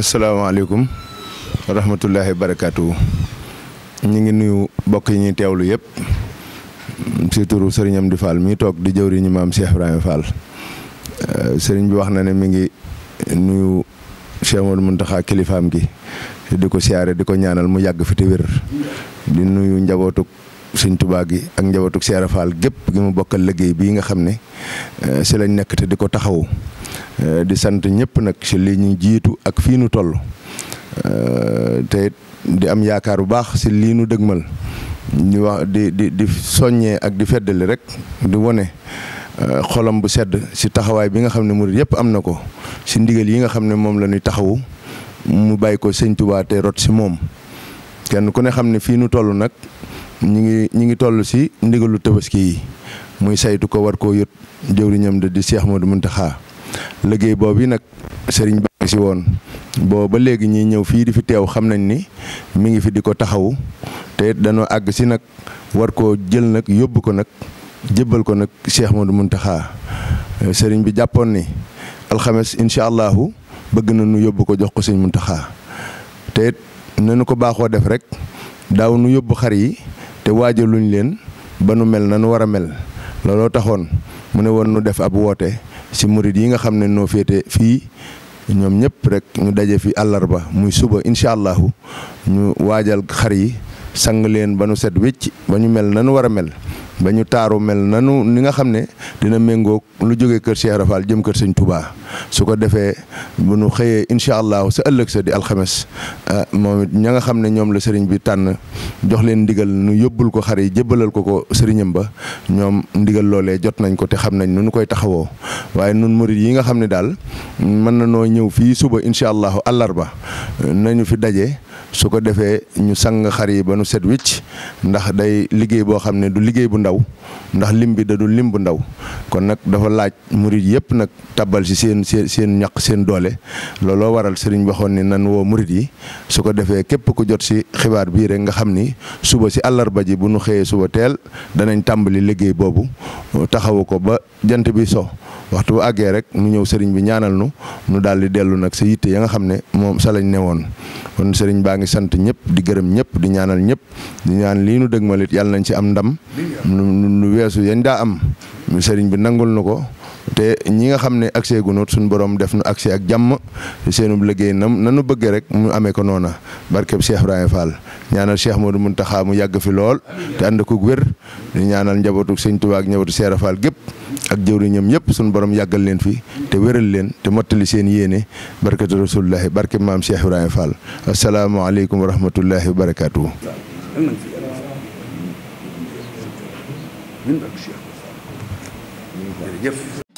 asalaamaaleykum wa rahmatullahi barakaatu ñu ngi nuyu mbokk yi ñuy teewlu yëpp si turu Serigne Amdi Fall mi toog di jëwriñu maam Cheikh Ibrahima Fall euh, sëriñ bi wax na ne mi ngi nuyu Cheikh Modou Mountakha kilifaam gi di ko siyaare di ko ñaanal mu yàgg fi te wér di nuyu njabootuk Sëñ Tuubaa gi ak njabootuk Cheikh Fall gépp gi mu bokkal liggéey bii nga xam ne euh, si lañ nekk te di ko taxawu. Euh, di sant ñëpp nag si lii ñu jiitu ak fii nu toll euh, te di am yaakaar bu baax si lii nu dëgmal ñu wax di di di soññee ak di feddali rek di wone euh, xolam bu sedd si taxawaay bi nga xam ne murid yëpp am na ko si ndigal yi nga xam ne moom la ñuy taxawu mu bàyyi ko sëñ Tuubaa te rot ci moom kenn ku ne xam ne fii nu toll nag ñu ngi ñu ngi toll ci ndigalu tabaski yi muy saytu ko war koo yët jëwriñam de di Cheikh Modou Mountakha liggéey boobu nag sëriñ baa ngi si woon boo ba léegi ñi ñëw fii di fi teew xam nañ ni mi ngi fi di ko taxawu te dañoo àgg si nag war koo jël nag yóbbu ko nag jébbal ko nag Cheikh Modou Mountakha euh, sëriñ bi jàppoon ni alxames incha allahu bëgg na nu yóbbu ko jox ko sëñ Mountakha te nanu ko baaxoo def rek daaw nu yóbbu xar yi te waajaluñ leen ba nu mel nanu nu war a mel looloo taxoon mu ne woon nu def ab woote. si murid yi nga xam ne noo féete fii ñoom ñëpp rek ñu daje fi àllarba muy suba incha allahu ñu waajal xar yi sang leen ba nu set wécc ba ñu mel nanu war a mel ba ñu taaru mel nanu ni nga xam ne dina méngoo lu jóge kër Cheikh Rafal jëm kër sëñ Touba su ko defee bu nu xëyee incha allahu sa ëllëg sa di alxames ah, moom it ña nga xam ne ñoom la sëriñ bi tànn jox leen ndigal nu yóbbul ko xar yi jébbalal ko ko sëriñam ba ñoom ndigal loolee jot nañ ko te xam nañ nu nu koy taxawoo waaye nun murit yi nga xam ne daal mën na noo ñëw fii suba incha allahu àllarba nañu fi daje. su ko defee ñu sang xar yi ba nu set wicc ndax day liggéey boo xam ne du liggéey bu ndaw ndax lim bi da du lim bu ndaw kon nag dafa laaj murit yëpp nag tabal si seen seen seen ñaq seen doole looloo waral sëriñ waxoon ni nan woo murit yi su ko defee képp ku jot si xibaar bii rek nga xam ni suba si àllarba ji bu nu xëyee suba teel danañ tàmbali liggéey boobu taxawu ko ba jant bi so waxtu bu àggee rek nu ñëw sëriñ bi ñaanal nu nu daal di dellu nag sa yitte ya nga xam ne moom sa lañ ne woon kon sëriñ baa ngi sant ñëpp di gërëm ñëpp di ñaanal ñëpp di ñaan lii nu malit yàlla nañ si am ndam nu weesu yañ daa am sëriñ bi nangul nu ko te ñi nga xam ne accès gu noot suñu borom def nu accès ak jàmm seenub liggéey na nanu bëggee rek mu amee ko noona barkeb Cheikh Ibrahima Fall ñaanal Cheikh Modou Mountakha mu yàgg fi lool te ànd ko wér di ñaanal njabootu sëñ Tuubaa ak njabootu Cheikh gépp ak jëwriñam yëpp suñu boroom yàggal leen fi te wéral leen te mottali seen yéene barkatu rasulullahi barke maam Cheikh Ibrahima Fall asalaamaaleykum wa rahmatullahi wa barakaatu. jërëjëf